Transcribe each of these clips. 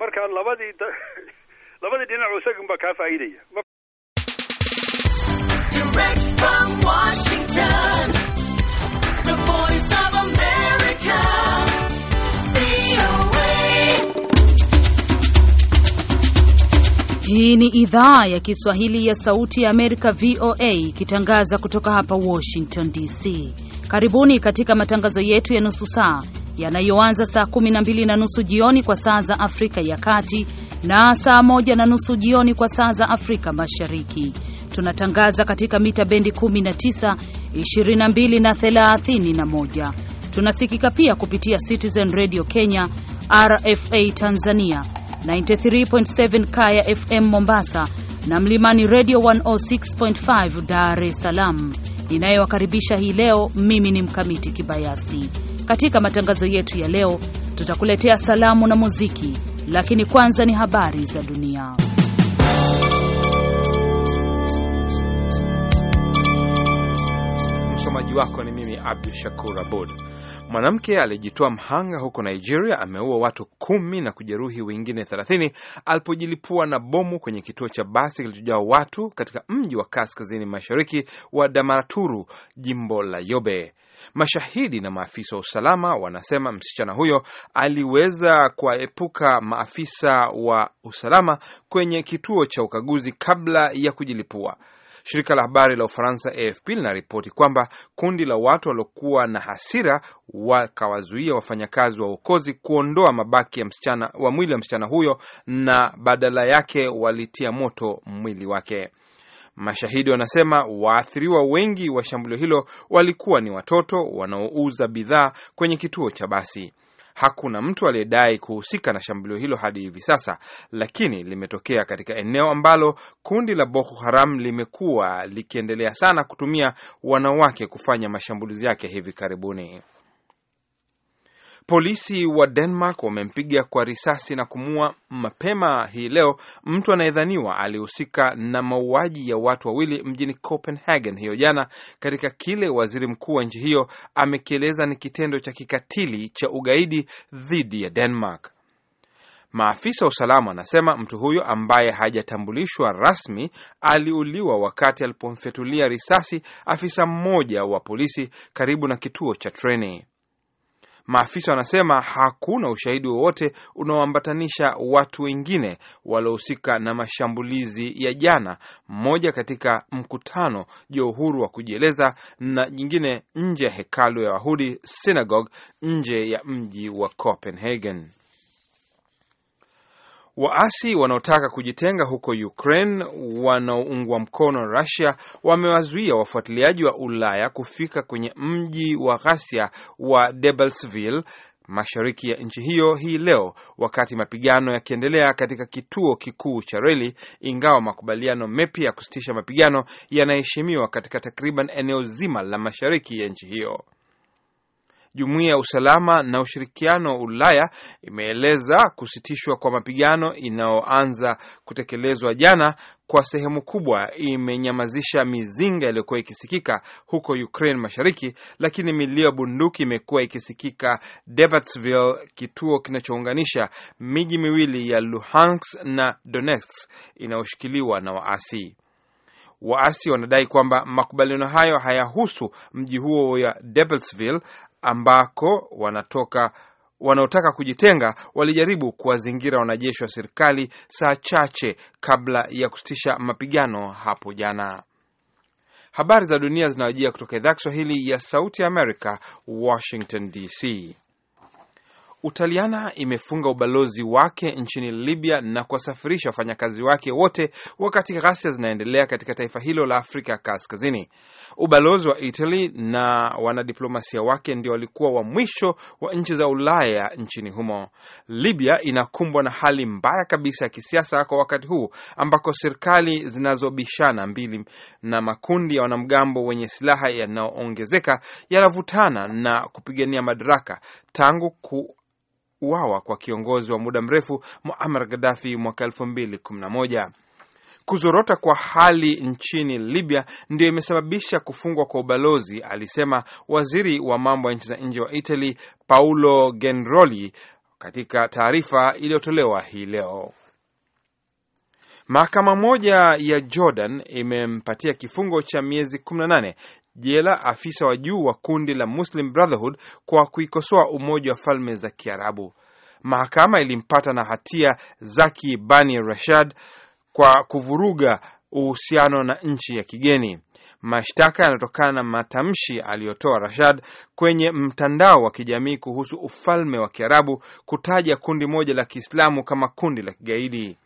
marka labadii labadii dhinac isagunbaa kaa faa'iidaya Hii ni idhaa ya Kiswahili ya Sauti ya Amerika, VOA, ikitangaza kutoka hapa Washington DC. Karibuni katika matangazo yetu ya nusu saa yanayoanza saa 12 na nusu jioni kwa saa za Afrika ya Kati na saa 1 na nusu jioni kwa saa za Afrika Mashariki. Tunatangaza katika mita bendi 19, 22 na 31. Tunasikika pia kupitia Citizen Radio Kenya, RFA Tanzania 93.7, Kaya FM Mombasa na Mlimani Radio 106.5 Dar es Salaam. Ninayowakaribisha hii leo mimi ni Mkamiti Kibayasi katika matangazo yetu ya leo, tutakuletea salamu na muziki, lakini kwanza ni habari za dunia. Msomaji wako ni mimi Abdu Shakur Abud. Mwanamke aliyejitoa mhanga huko Nigeria ameua watu kumi na kujeruhi wengine thelathini alipojilipua na bomu kwenye kituo cha basi kilichojaa watu katika mji wa kaskazini mashariki wa Damaturu, jimbo la Yobe. Mashahidi na maafisa wa usalama wanasema msichana huyo aliweza kuwaepuka maafisa wa usalama kwenye kituo cha ukaguzi kabla ya kujilipua. Shirika la habari la Ufaransa AFP linaripoti kwamba kundi la watu waliokuwa na hasira wakawazuia wafanyakazi wa uokozi kuondoa mabaki ya msichana, wa mwili wa msichana huyo na badala yake walitia moto mwili wake. Mashahidi wanasema waathiriwa wengi wa shambulio hilo walikuwa ni watoto wanaouza bidhaa kwenye kituo cha basi. Hakuna mtu aliyedai kuhusika na shambulio hilo hadi hivi sasa, lakini limetokea katika eneo ambalo kundi la Boko Haram limekuwa likiendelea sana kutumia wanawake kufanya mashambulizi yake hivi karibuni. Polisi wa Denmark wamempiga kwa risasi na kumua mapema hii leo mtu anayedhaniwa alihusika na mauaji ya watu wawili mjini Copenhagen hiyo jana, katika kile waziri mkuu wa nchi hiyo amekieleza ni kitendo cha kikatili cha ugaidi dhidi ya Denmark. Maafisa wa usalama wanasema mtu huyo ambaye hajatambulishwa rasmi aliuliwa wakati alipomfyatulia risasi afisa mmoja wa polisi karibu na kituo cha treni. Maafisa wanasema hakuna ushahidi wowote unaoambatanisha watu wengine waliohusika na mashambulizi ya jana, mmoja katika mkutano juu ya uhuru wa kujieleza na nyingine nje ya hekalu ya wahudi synagogue nje ya mji wa Copenhagen. Waasi wanaotaka kujitenga huko Ukraine wanaoungwa mkono Russia wamewazuia wafuatiliaji wa Ulaya kufika kwenye mji wa ghasia wa Debaltseville mashariki ya nchi hiyo hii leo, wakati mapigano yakiendelea katika kituo kikuu cha reli, ingawa makubaliano mepya ya kusitisha mapigano yanaheshimiwa katika takriban eneo zima la mashariki ya nchi hiyo. Jumuiya ya Usalama na Ushirikiano wa Ulaya imeeleza kusitishwa kwa mapigano inayoanza kutekelezwa jana kwa sehemu kubwa imenyamazisha mizinga iliyokuwa ikisikika huko Ukraine Mashariki, lakini milio ya bunduki imekuwa ikisikika Debatsville, kituo kinachounganisha miji miwili ya Luhansk na Donetsk inayoshikiliwa na waasi. Waasi wanadai kwamba makubaliano hayo hayahusu mji huo wa Debatsville ambako wanatoka wanaotaka kujitenga walijaribu kuwazingira wanajeshi wa serikali saa chache kabla ya kusitisha mapigano hapo jana. Habari za dunia zinawajia kutoka idhaa Kiswahili ya Sauti ya Amerika, Washington DC. Utaliana imefunga ubalozi wake nchini Libya na kuwasafirisha wafanyakazi wake wote, wakati ghasia zinaendelea katika taifa hilo la Afrika Kaskazini. Ubalozi wa Italy na wanadiplomasia wake ndio walikuwa wa mwisho wa nchi za Ulaya nchini humo. Libya inakumbwa na hali mbaya kabisa ya kisiasa kwa wakati huu, ambako serikali zinazobishana mbili na makundi ya wanamgambo wenye silaha yanayoongezeka yanavutana na kupigania madaraka tangu ku kuuawa kwa kiongozi wa muda mrefu Muammar Gaddafi mwaka moja. Kuzorota kwa hali nchini Libya ndio imesababisha kufungwa kwa ubalozi, alisema waziri wa mambo ya nchi za nje wa Italy Paolo Genroli katika taarifa iliyotolewa hii leo. Mahakama moja ya Jordan imempatia kifungo cha miezi 18 jela afisa wa juu wa kundi la Muslim Brotherhood kwa kuikosoa Umoja wa Falme za Kiarabu. Mahakama ilimpata na hatia Zaki Bani Rashad kwa kuvuruga uhusiano na nchi ya kigeni. Mashtaka yanatokana na matamshi aliyotoa Rashad kwenye mtandao wa kijamii kuhusu ufalme wa Kiarabu, kutaja kundi moja la Kiislamu kama kundi la kigaidi.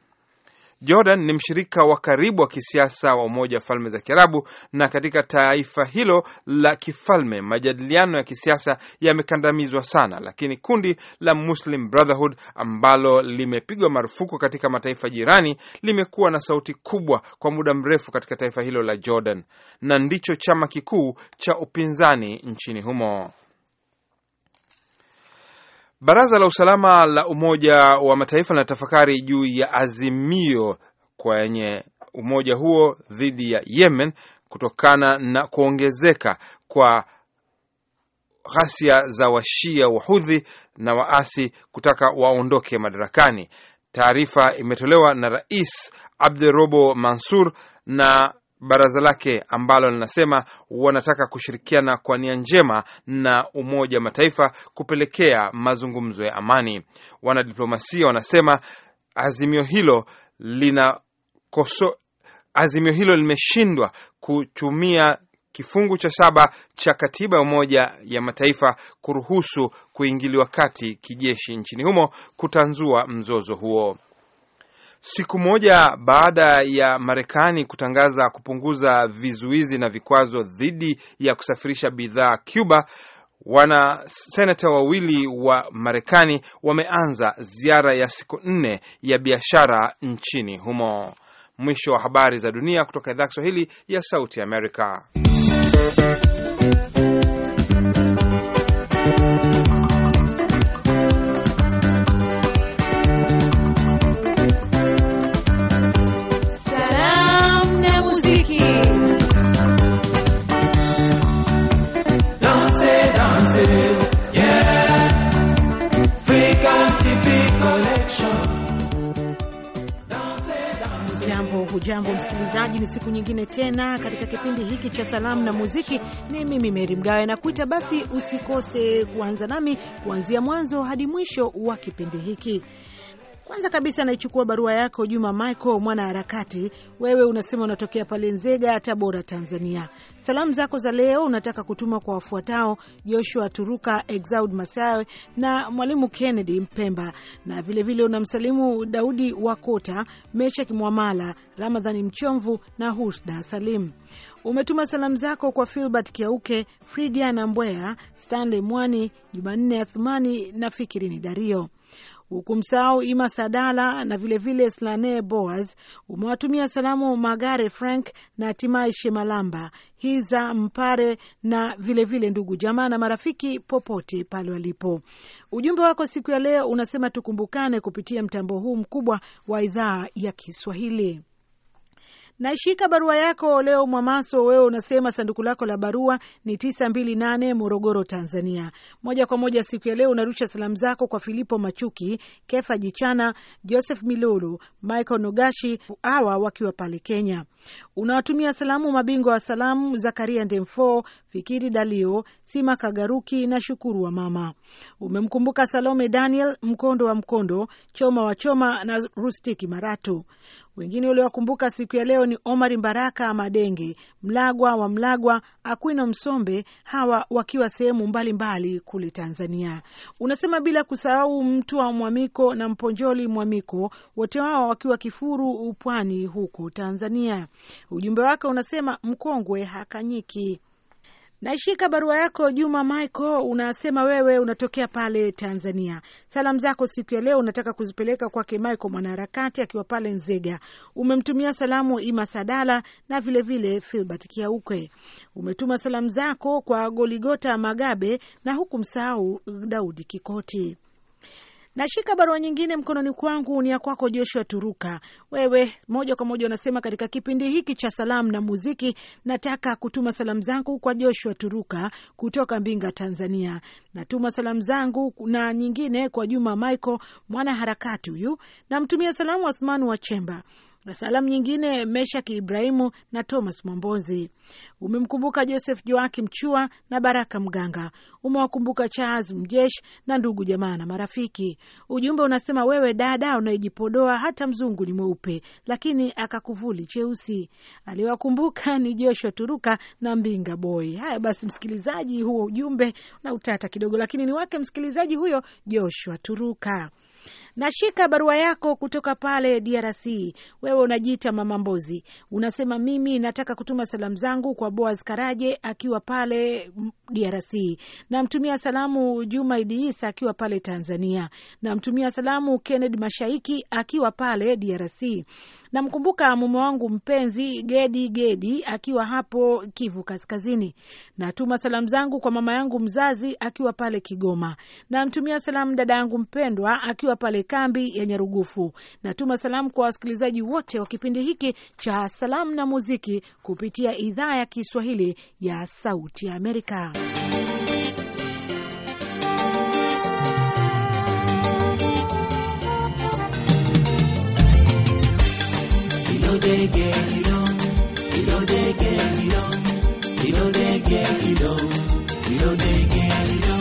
Jordan ni mshirika wa karibu wa kisiasa wa Umoja wa Falme za Kiarabu, na katika taifa hilo la kifalme majadiliano ya kisiasa yamekandamizwa sana, lakini kundi la Muslim Brotherhood ambalo limepigwa marufuku katika mataifa jirani limekuwa na sauti kubwa kwa muda mrefu katika taifa hilo la Jordan na ndicho chama kikuu cha upinzani nchini humo. Baraza la usalama la Umoja wa Mataifa linatafakari juu ya azimio kwenye umoja huo dhidi ya Yemen kutokana na kuongezeka kwa ghasia za washia wahudhi na waasi kutaka waondoke madarakani. Taarifa imetolewa na Rais Abdurobo Mansur na baraza lake ambalo linasema wanataka kushirikiana kwa nia njema na Umoja wa Mataifa kupelekea mazungumzo ya amani. Wanadiplomasia wanasema azimio hilo lina koso, azimio hilo limeshindwa kutumia kifungu cha saba cha katiba ya Umoja ya Mataifa kuruhusu kuingiliwa kati kijeshi nchini humo kutanzua mzozo huo. Siku moja baada ya Marekani kutangaza kupunguza vizuizi na vikwazo dhidi ya kusafirisha bidhaa Cuba, wanaseneta wawili wa Marekani wameanza ziara ya siku nne ya biashara nchini humo. Mwisho wa habari za dunia kutoka idhaa Kiswahili ya Sauti Amerika. Hujambo, hujambo msikilizaji, ni siku nyingine tena katika kipindi hiki cha salamu na muziki. Ni mimi Meri Mgawe nakuita, basi usikose kuanza nami kuanzia mwanzo hadi mwisho wa kipindi hiki. Kwanza kabisa anaichukua barua yako Juma Michael harakati Wewe unasema unatokea pale Nzega, Tabora, Tanzania. Salamu zako za leo unataka kutuma kwa wafuatao: Joshua Turuka, Exaud Masawe na Mwalimu Kennedy Mpemba, na vilevile vile unamsalimu Daudi Wakota, Mesha Kimwamala, Ramadhani Mchomvu na Husda Salim. Umetuma salamu zako kwa Filbert Kiauke, Fridiana Mbwea, Stanley Mwani, Jumanne Athumani na Fikirini Dario huku msahau Ima Sadala na vilevile vile Slane Boas umewatumia salamu Magare Frank na hatimaye Shemalamba Hiza Mpare na vilevile vile ndugu jamaa na marafiki popote pale walipo. Ujumbe wako siku ya leo unasema tukumbukane kupitia mtambo huu mkubwa wa idhaa ya Kiswahili. Naishika barua yako leo Mwamaso, wewe unasema sanduku lako la barua ni nane Morogoro, Tanzania. Moja kwa moja siku ya leo unarusha salamu zako kwa Filipo Machuki, Kefa Jichana, Joseph Milulu, Michael Nogashi, awa wakiwa pale Kenya. Unawatumia salamu mabingwa wa salamu Zakaria Ndemfo, Fikiri Dalio, Sima Kagaruki na Shukuru wa Mama. Umemkumbuka Salome Daniel, Mkondo wa Mkondo, Choma wa Choma na Rustiki Maratu. Wengine uliowakumbuka siku ya leo ni Omari Mbaraka Madenge, Mlagwa wa Mlagwa, Akwino Msombe, hawa wakiwa sehemu mbalimbali kule Tanzania. Unasema bila kusahau mtu wa Mwamiko na Mponjoli Mwamiko, wote wao wakiwa Kifuru Upwani huko Tanzania. Ujumbe wake unasema mkongwe hakanyiki. Naishika barua yako Juma Michael, unasema wewe unatokea pale Tanzania. Salamu zako siku ya leo unataka kuzipeleka kwake Michael mwanaharakati akiwa pale Nzega. Umemtumia salamu Ima Sadala na vilevile Filbert Kiaukwe. Umetuma salamu zako kwa Goligota Magabe na huku msahau Daudi Kikoti. Nashika barua nyingine mkononi kwangu, ni ya kwako Joshua Turuka. Wewe moja kwa moja unasema katika kipindi hiki cha salamu na muziki, nataka kutuma salamu zangu kwa Joshua Turuka kutoka Mbinga, Tanzania. Natuma salamu zangu na nyingine kwa Juma Michael, mwanaharakati huyu. Namtumia salamu Athman wa Chemba, na salamu nyingine Meshaki Ibrahimu na Thomas Mwambozi. Umemkumbuka Joseph Joaki Mchua na Baraka Mganga. Umewakumbuka Charles mjesh na ndugu jamaa na marafiki. Ujumbe unasema wewe dada unayejipodoa hata mzungu ni mweupe, lakini akakuvuli cheusi. Aliwakumbuka ni Joshua Turuka na Mbinga Boy. Haya basi, msikilizaji, huo ujumbe na utata kidogo, lakini ni wake msikilizaji huyo Joshua Turuka. Nashika barua yako kutoka pale DRC. Wewe unajiita Mama Mbozi, unasema mimi nataka kutuma salamu zangu kwa Boaz Karaje akiwa pale DRC. Namtumia salamu Juma Idiisa akiwa pale Tanzania. Namtumia salamu Kennedy Mashaiki akiwa pale DRC. Namkumbuka mume wangu mpenzi Gedi Gedi akiwa hapo Kivu Kaskazini. Natuma salamu zangu kwa mama yangu mzazi akiwa pale Kigoma. Namtumia salamu dada yangu mpendwa akiwa pale kambi ya Nyarugufu. Natuma salamu kwa wasikilizaji wote wa kipindi hiki cha Salamu na Muziki kupitia idhaa ya Kiswahili ya Sauti ya Amerika. Hilo de que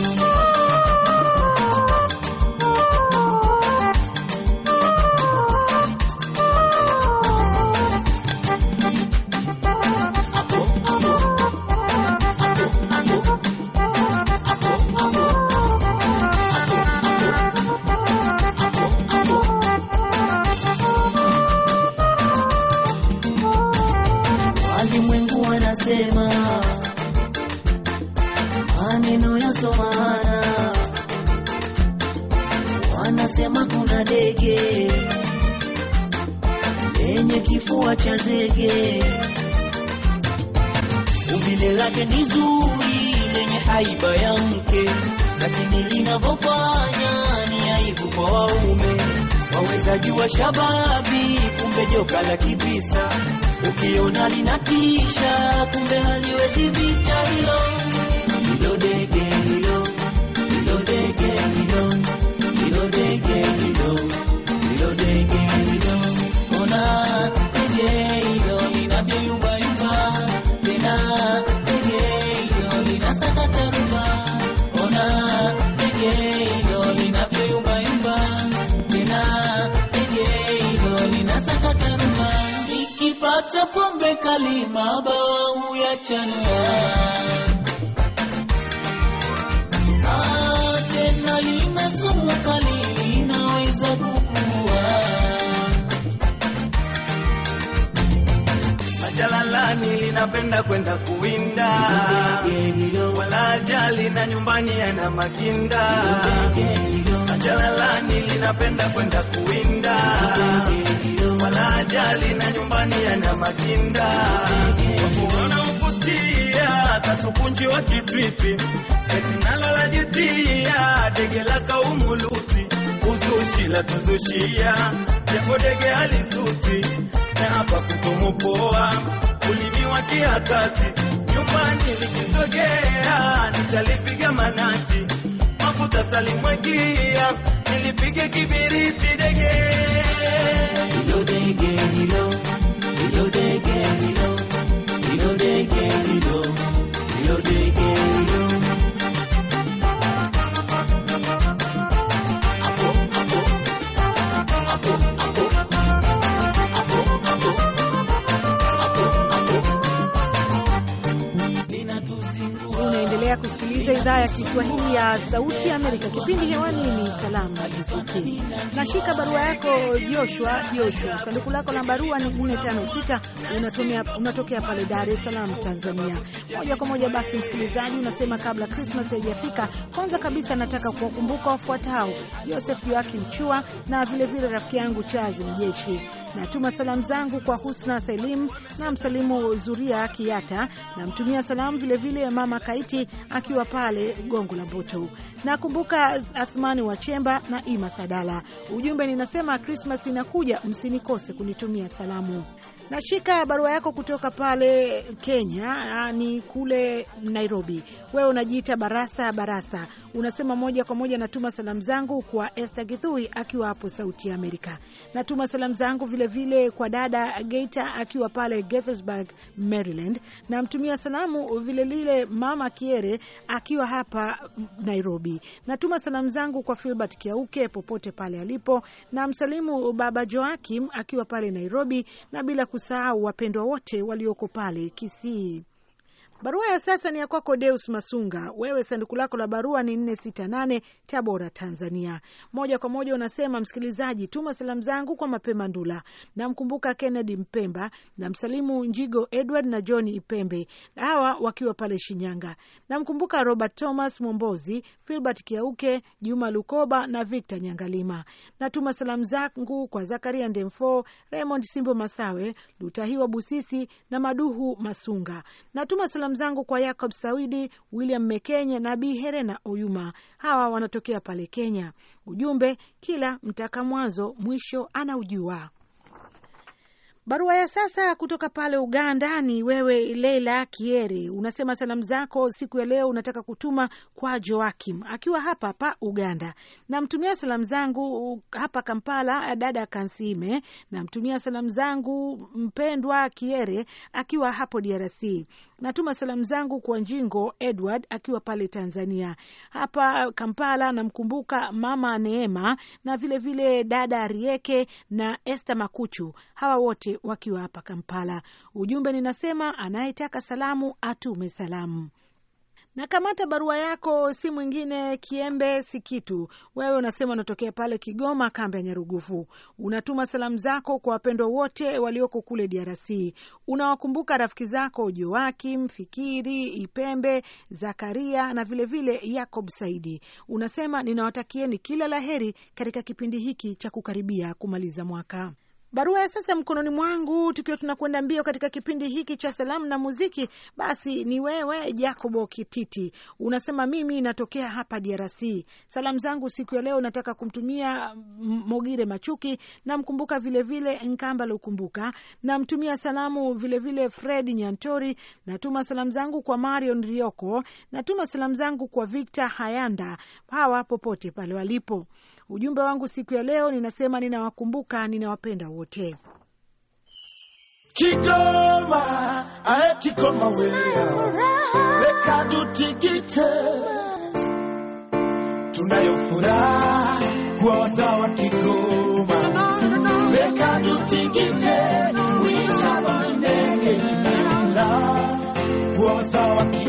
kwa waume, waweza jua shababi, kumbe joka la kibisa, ukiona linatisha, kumbe haliwezi vita hilo. Hilo dege hilo, hilo dege hilo, hilo dege hilo kalima bau ya chanua tena lina sumu kali linaweza kukua majalalani linapenda kwenda kuwinda wala jali na nyumbani yana makinda jalalani linapenda kwenda kuwinda, wala ajali na nyumbani yana makinda, wakuona uvutia kasukunji wa kitwipi, eti nalo dege la kaumuluti uzushi la tuzushia japo dege alizuti na hapa kutumupoa ulimiwa kiakati, nyumbani nikizogea nitalipiga manati mafuta salimwagia, nilipiga kibiriti dege hilo dege hilo hilo dege hilo hilo dege hilo hilo dege hilo kusikiliza idhaa ya Kiswahili ya Sauti ya Amerika. Kipindi hewani ni salamu na muziki. Nashika barua yako Joshua. Joshua, sanduku lako la barua ni 456 unatumia, unatokea pale Dar es Salaam, Tanzania. Moja kwa moja basi, msikilizaji, unasema kabla Krismas haijafika, kwanza kabisa nataka kuwakumbuka wafuatao: Joseph Joakim Chua na vilevile rafiki yangu Chazi Mjeshi. Natuma salamu zangu kwa Husna Salim na msalimu Zuria Kiata, namtumia salamu vilevile vile mama Kaiti akiwa pale Gongo la Mboto. Nakumbuka Athmani wa Chemba na Ima Sadala, ujumbe ninasema Krismas inakuja, msinikose kunitumia salamu. Nashika barua yako kutoka pale Kenya, ah, ni kule Nairobi. Wewe unajiita Barasa Barasa, unasema moja kwa moja, natuma salamu zangu kwa Esther Githui akiwa hapo Sauti ya Amerika. Natuma salamu zangu vilevile vile kwa dada Geita akiwa pale Gaithersburg, Maryland. Namtumia salamu vilevile mama Kiere akiwa hapa Nairobi. Natuma salamu zangu kwa Filbert Kiauke popote pale alipo, na msalimu baba Joakim akiwa pale Nairobi, na bila kusahau wapendwa wote walioko pale Kisii. Barua ya sasa ni ya kwako Deus Masunga. Wewe sanduku lako la barua ni 468 Tabora, Tanzania. Moja kwa moja unasema, msikilizaji, tuma salamu zangu kwa Mapema Ndula, namkumbuka Kennedy Mpemba na msalimu Njigo Edward na John Ipembe, hawa wakiwa pale Shinyanga. Namkumbuka Robert Thomas Mwombozi, Filbert Kiauke, Juma Lukoba na Victor Nyangalima. Natuma salamu zangu kwa Zakaria Ndemfo, Raymond Simbo Masawe, Lutahiwa Busisi na Maduhu Masunga. Natuma salamu zangu kwa Yacob Sawidi, William Mekenye na Bi Herena Oyuma, hawa wanatokea pale Kenya. Ujumbe, kila mtaka mwanzo mwisho anaujua. Barua ya sasa kutoka pale Uganda ni wewe Leila Kieri, unasema salamu zako siku ya leo unataka kutuma kwa Joakim akiwa hapa hapa Uganda. Namtumia salamu zangu hapa Kampala dada Kansime, namtumia salamu zangu mpendwa Kiere akiwa hapo DRC. Natuma salamu zangu kwa Njingo Edward akiwa pale Tanzania. Hapa Kampala namkumbuka mama Neema na vilevile vile dada Rieke na Esther Makuchu, hawa wote wakiwa hapa Kampala. Ujumbe ninasema anayetaka salamu atume salamu. Nakamata barua yako, si mwingine Kiembe Sikitu. Wewe unasema unatokea pale Kigoma, kambi ya Nyarugufu. Unatuma salamu zako kwa wapendwa wote walioko kule DRC. Unawakumbuka rafiki zako Joakim Fikiri, Ipembe Zakaria na vilevile vile Yakob Saidi. Unasema ninawatakieni kila laheri katika kipindi hiki cha kukaribia kumaliza mwaka barua ya sasa mkononi mwangu, tukiwa tunakwenda mbio katika kipindi hiki cha salamu na muziki. Basi ni wewe Jacobo Kititi, unasema mimi natokea hapa DRC. Salamu zangu siku ya leo nataka kumtumia Mogire Machuki, namkumbuka vilevile Nkamba Lukumbuka, namtumia salamu vilevile Fred Nyantori, natuma salamu zangu kwa Marion Rioko, natuma salamu zangu kwa Victor Hayanda, hawa popote pale walipo Ujumbe wangu siku ya leo ninasema, ninawakumbuka, ninawapenda wote. Kigoma Kigoma weka tunayo furaha wazao wa Kigoma, wazao wa Kigoma.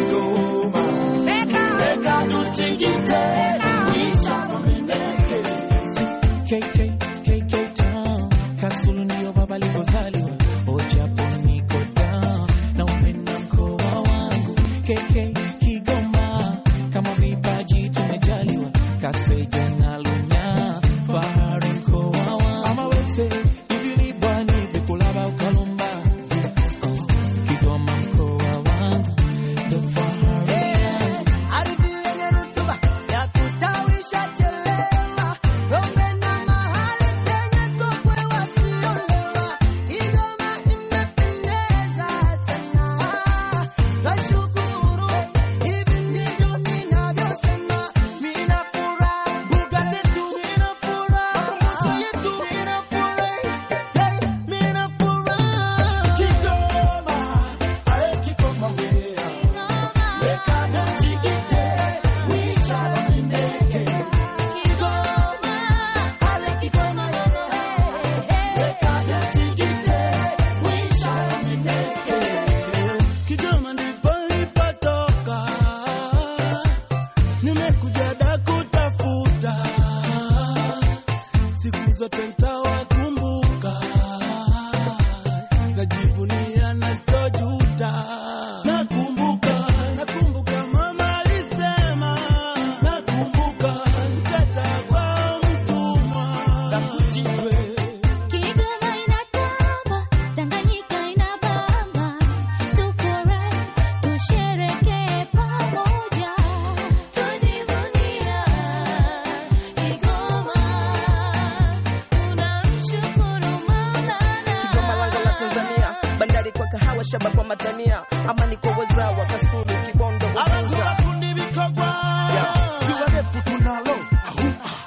shaba kwa matania ama ni kwa wazawa kasuru kibondo wakuza kundi vikogwa ziwa refu tunalo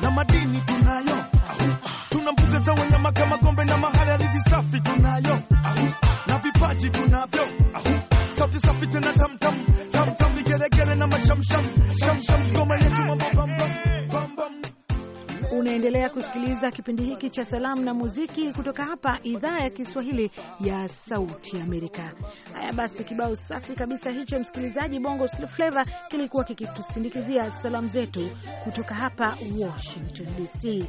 na madini tunayo tuna mbuga za wanyama kama Gombe na mahali mahariri safi tunayo na vipaji tunavyo sauti safi tena tamtam tamtam vigeregere na mashamsham shamsham ngoma yetu Unaendelea kusikiliza kipindi hiki cha salamu na muziki kutoka hapa idhaa ya Kiswahili ya Sauti ya Amerika. Haya basi, kibao safi kabisa hicho, msikilizaji. Bongo Flava kilikuwa kikitusindikizia salamu zetu kutoka hapa Washington DC.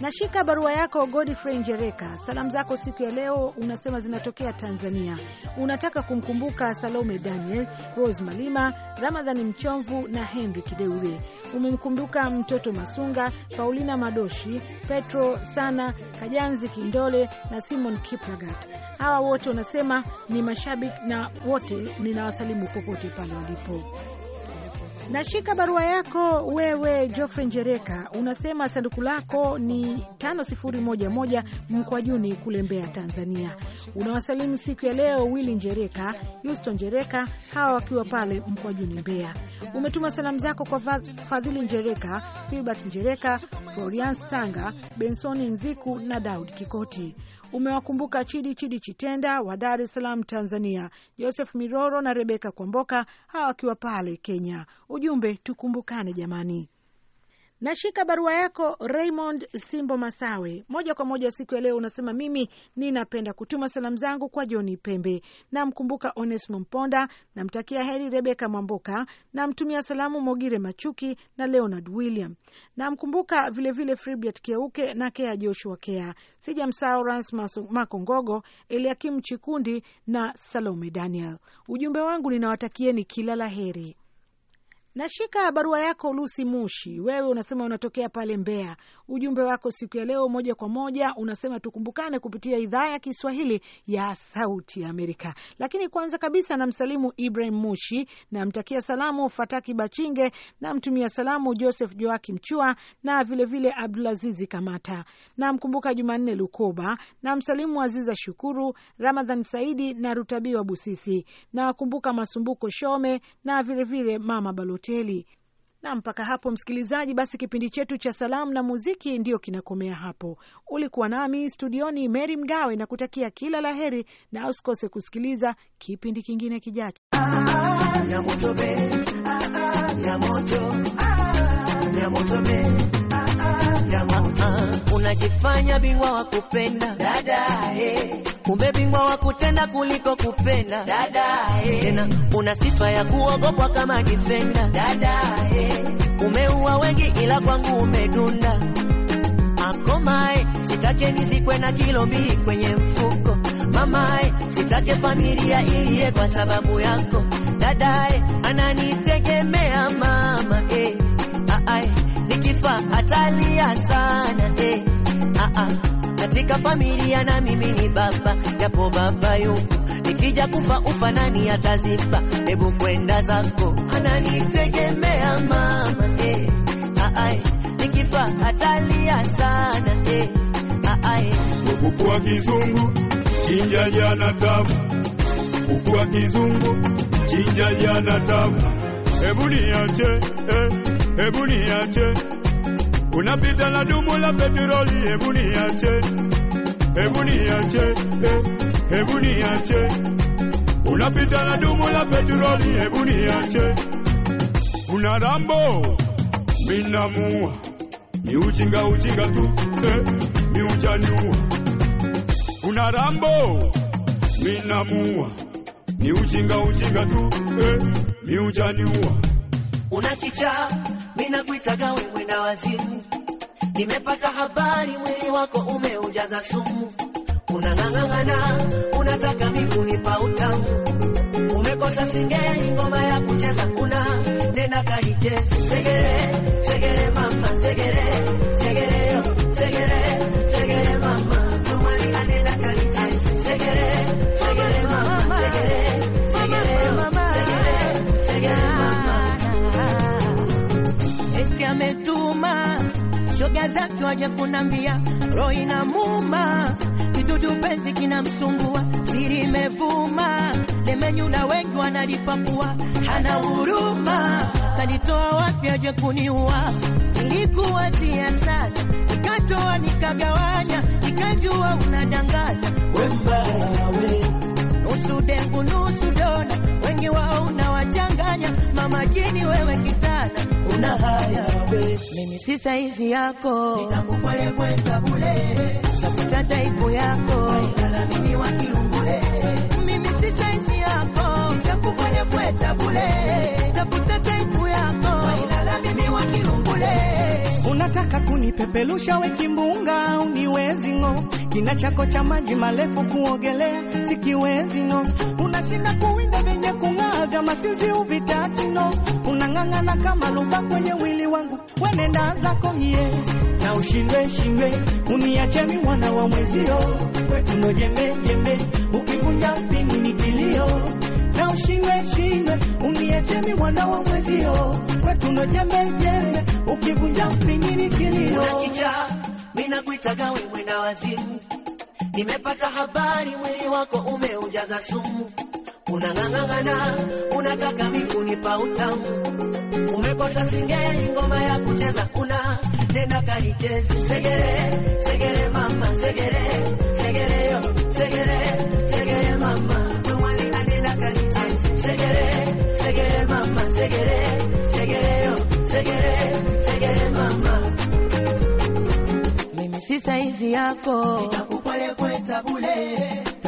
Nashika barua yako Godfrey Njereka. Salamu zako siku ya leo unasema zinatokea Tanzania. Unataka kumkumbuka Salome Daniel, Rose Malima, Ramadhani Mchomvu na Henry Kideure umemkumbuka mtoto Masunga, Paulina Madoshi, Petro Sana, Kajanzi Kindole na Simon Kiplagat. Hawa wote unasema ni mashabiki na wote ninawasalimu popote pale walipo. Nashika barua yako wewe Jofre Njereka, unasema sanduku lako ni 5011 Mkwajuni kule Mbeya, Tanzania. Unawasalimu siku ya leo Willi Njereka, Houston Njereka, hawa wakiwa pale Mkwajuni Mbeya. Umetuma salamu zako kwa Fadhili Njereka, Filbert Njereka, Florian Sanga, Bensoni Nziku na Daud Kikoti umewakumbuka Chidi Chidi Chitenda wa Dar es Salaam, Tanzania, Joseph Miroro na Rebeka Kwamboka, hawa wakiwa pale Kenya. Ujumbe, tukumbukane jamani. Nashika barua yako Raymond Simbo Masawe, moja kwa moja siku ya leo. Unasema mimi ninapenda kutuma salamu zangu kwa Joni Pembe, namkumbuka onesimo Mponda, namtakia heri Rebeka Mwamboka, namtumia salamu Mogire Machuki na Leonard William, namkumbuka vilevile Fribiat Keuke na Kea Joshua Kea, sijamsahau Rans Makongogo, Eliakim Chikundi na Salome Daniel. Ujumbe wangu ninawatakieni kila la heri. Nashika barua yako Lusi Mushi, wewe unasema unatokea pale Mbeya, Ujumbe wako siku ya leo moja kwa moja unasema tukumbukane kupitia idhaa ya Kiswahili ya Sauti ya Amerika. Lakini kwanza kabisa namsalimu Ibrahim Mushi, namtakia salamu Fataki Bachinge, namtumia salamu Joseph joaki mchua na vilevile Abdulazizi Kamata, namkumbuka Jumanne Lukoba, namsalimu Aziza Shukuru, Ramadhan Saidi na Rutabiwa Busisi, nawakumbuka Masumbuko Shome na vilevile Mama Baloteli. Na mpaka hapo msikilizaji, basi kipindi chetu cha salamu na muziki ndiyo kinakomea hapo. Ulikuwa nami studioni Meri Mgawe na kutakia kila la heri, na usikose kusikiliza kipindi kingine kijacho kupenda mama, unajifanya bingwa wa kupenda dada, eh, kumbe bingwa wa kutenda kuliko kupenda dada, eh, tena una sifa ya kuogopwa kama defender dada, eh, umeua wengi ila kwangu umedunda akomae, eh. sitake nizikwe na kilo mbili kwenye mfuko mamae, eh. sitake familia iliye kwa sababu yako dadae, eh. ananitegemea mama eh hapa atalia sana eh. Ah, ah. Katika familia na mimi ni baba, japo baba yuko, nikija kufa ufa nani atazipa? Hebu kwenda zako, ananitegemea mama eh. Ah, ah. Nikifa atalia sana eh. Ah, ah. Kuku wa kizungu chinja jana tabu, kuku wa kizungu chinja jana tabu, hebu niache eh, hebu niache Unapita na dumu la petroli, hebu niache, hebu niache, hebu eh, niache. Unapita na dumu la petroli, hebu niache. Kuna rambo minamua, ni ujinga ujinga tu, eh, ni ujaniua. Kuna rambo minamua, ni ujinga ujinga tu, eh, ni ujaniua. Unakicha nakuitaga wewe na wazimu, nimepata habari mwili wako umeujaza sumu, unangangangana unataka miguni pa utamu, umekosa singeli ngoma ya kucheza, kuna nena kaicheze segere segere mama segere tabia zake waje kunambia, roho inamuuma, kidudu penzi kinamsungua, siri imevuma, na wengi wanalipambua hana huruma, kanitoa wapi aje kuniua? Ilikuwa siasa, nikatoa nikagawanya, nikajua unadanganya, we we, nusu dengu nusu dona, wengi wao unawachanganya, mama jini wewe kitana una haya we, mimi si saizi yako, tafuta taipu yako, mimi si saizi yako, tafuta taipu yako. Unataka kunipepelusha we kimbunga, uniwezi ng'o, kina chako cha maji marefu kuogelea sikiwezi ng'o, unashinda kuwinda venye hata masinzi uvitatino unang'ang'ana kama luba kwenye wili wangu, wenenda zako hiye na ushindwe shindwe, uniache mi mwana wa mwezio wetuno jembe jembe, ukivunja pini ni kilio na ushindwe shindwe, uniache mi mwana wa mwezio wetuno jembe jembe, ukivunja pini ni kilio. Unakicha mina kuitaga wewe na wazimu, nimepata habari mwili wako umeujaza sumu unang'ang'ana, unataka mikunipa utamu, umekosa singeli, ngoma ya kucheza kuna nenda kanicheze segere segere mama segere segere yo segere segere mama mwali anenda kanicheze segere segere mama segere segere yo segere segere mama mimi si saizi yako nitakukwele kweta bule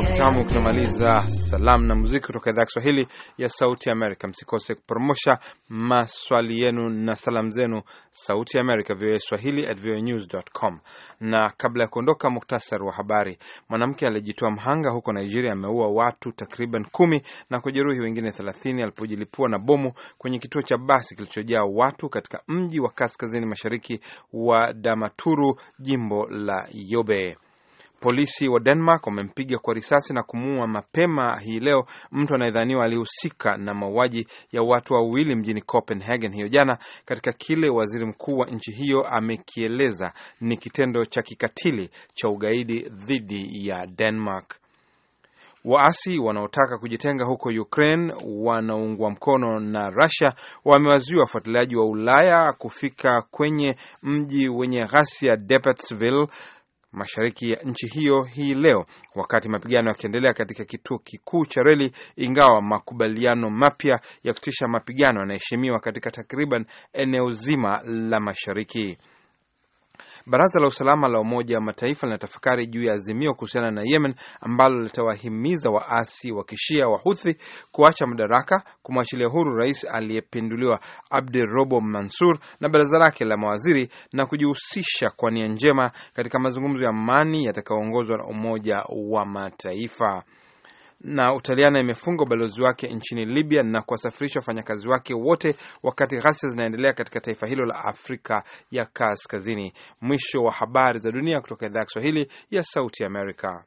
kibao kitamu kinamaliza salamu na muziki kutoka idhaa ya Kiswahili ya Sauti Amerika. Msikose kupromosha maswali yenu na salamu zenu, Sauti Amerika, VOA Swahili at com. Na kabla ya kuondoka, muktasari wa habari. Mwanamke aliyejitoa mhanga huko Nigeria ameua watu takriban kumi na kujeruhi wengine thelathini alipojilipua na bomu kwenye kituo cha basi kilichojaa watu katika mji wa kaskazini mashariki wa Damaturu, jimbo la Yobe. Polisi wa Denmark wamempiga kwa risasi na kumuua mapema hii leo mtu anayedhaniwa alihusika na mauaji ya watu wawili mjini Copenhagen hiyo jana, katika kile waziri mkuu wa nchi hiyo amekieleza ni kitendo cha kikatili cha ugaidi dhidi ya Denmark. Waasi wanaotaka kujitenga huko Ukraine wanaungwa mkono na Russia wamewazuia wafuatiliaji wa Ulaya kufika kwenye mji wenye ghasia Depetsville mashariki ya nchi hiyo hii leo, wakati mapigano yakiendelea katika kituo kikuu cha reli, ingawa makubaliano mapya ya kutisha mapigano yanaheshimiwa katika takriban eneo zima la mashariki. Baraza la Usalama la Umoja wa Mataifa linatafakari juu ya azimio kuhusiana na Yemen ambalo litawahimiza waasi wa kishia Huthi kuacha madaraka, kumwachilia huru rais aliyepinduliwa Abdi Robo Mansur na baraza lake la mawaziri na kujihusisha kwa nia njema katika mazungumzo ya amani yatakayoongozwa na Umoja wa Mataifa na Utaliana imefunga ubalozi wake nchini Libya na kuwasafirisha wafanyakazi wake wote, wakati ghasia zinaendelea katika taifa hilo la Afrika ya Kaskazini. Mwisho wa habari za dunia kutoka idhaa ya Kiswahili ya Sauti Amerika.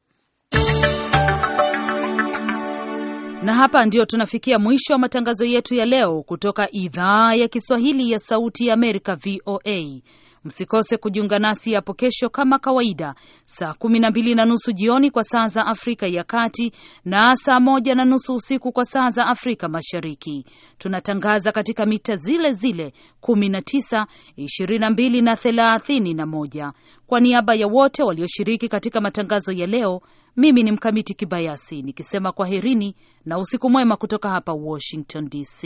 Na hapa ndio tunafikia mwisho wa matangazo yetu ya leo kutoka idhaa ya Kiswahili ya Sauti ya Amerika, VOA. Msikose kujiunga nasi hapo kesho kama kawaida, saa kumi na mbili na nusu jioni kwa saa za Afrika ya Kati na saa moja na nusu usiku kwa saa za Afrika Mashariki. Tunatangaza katika mita zile zile 19, 22 na 31. Kwa niaba ya wote walioshiriki katika matangazo ya leo, mimi ni Mkamiti Kibayasi nikisema kwaherini na usiku mwema kutoka hapa Washington DC.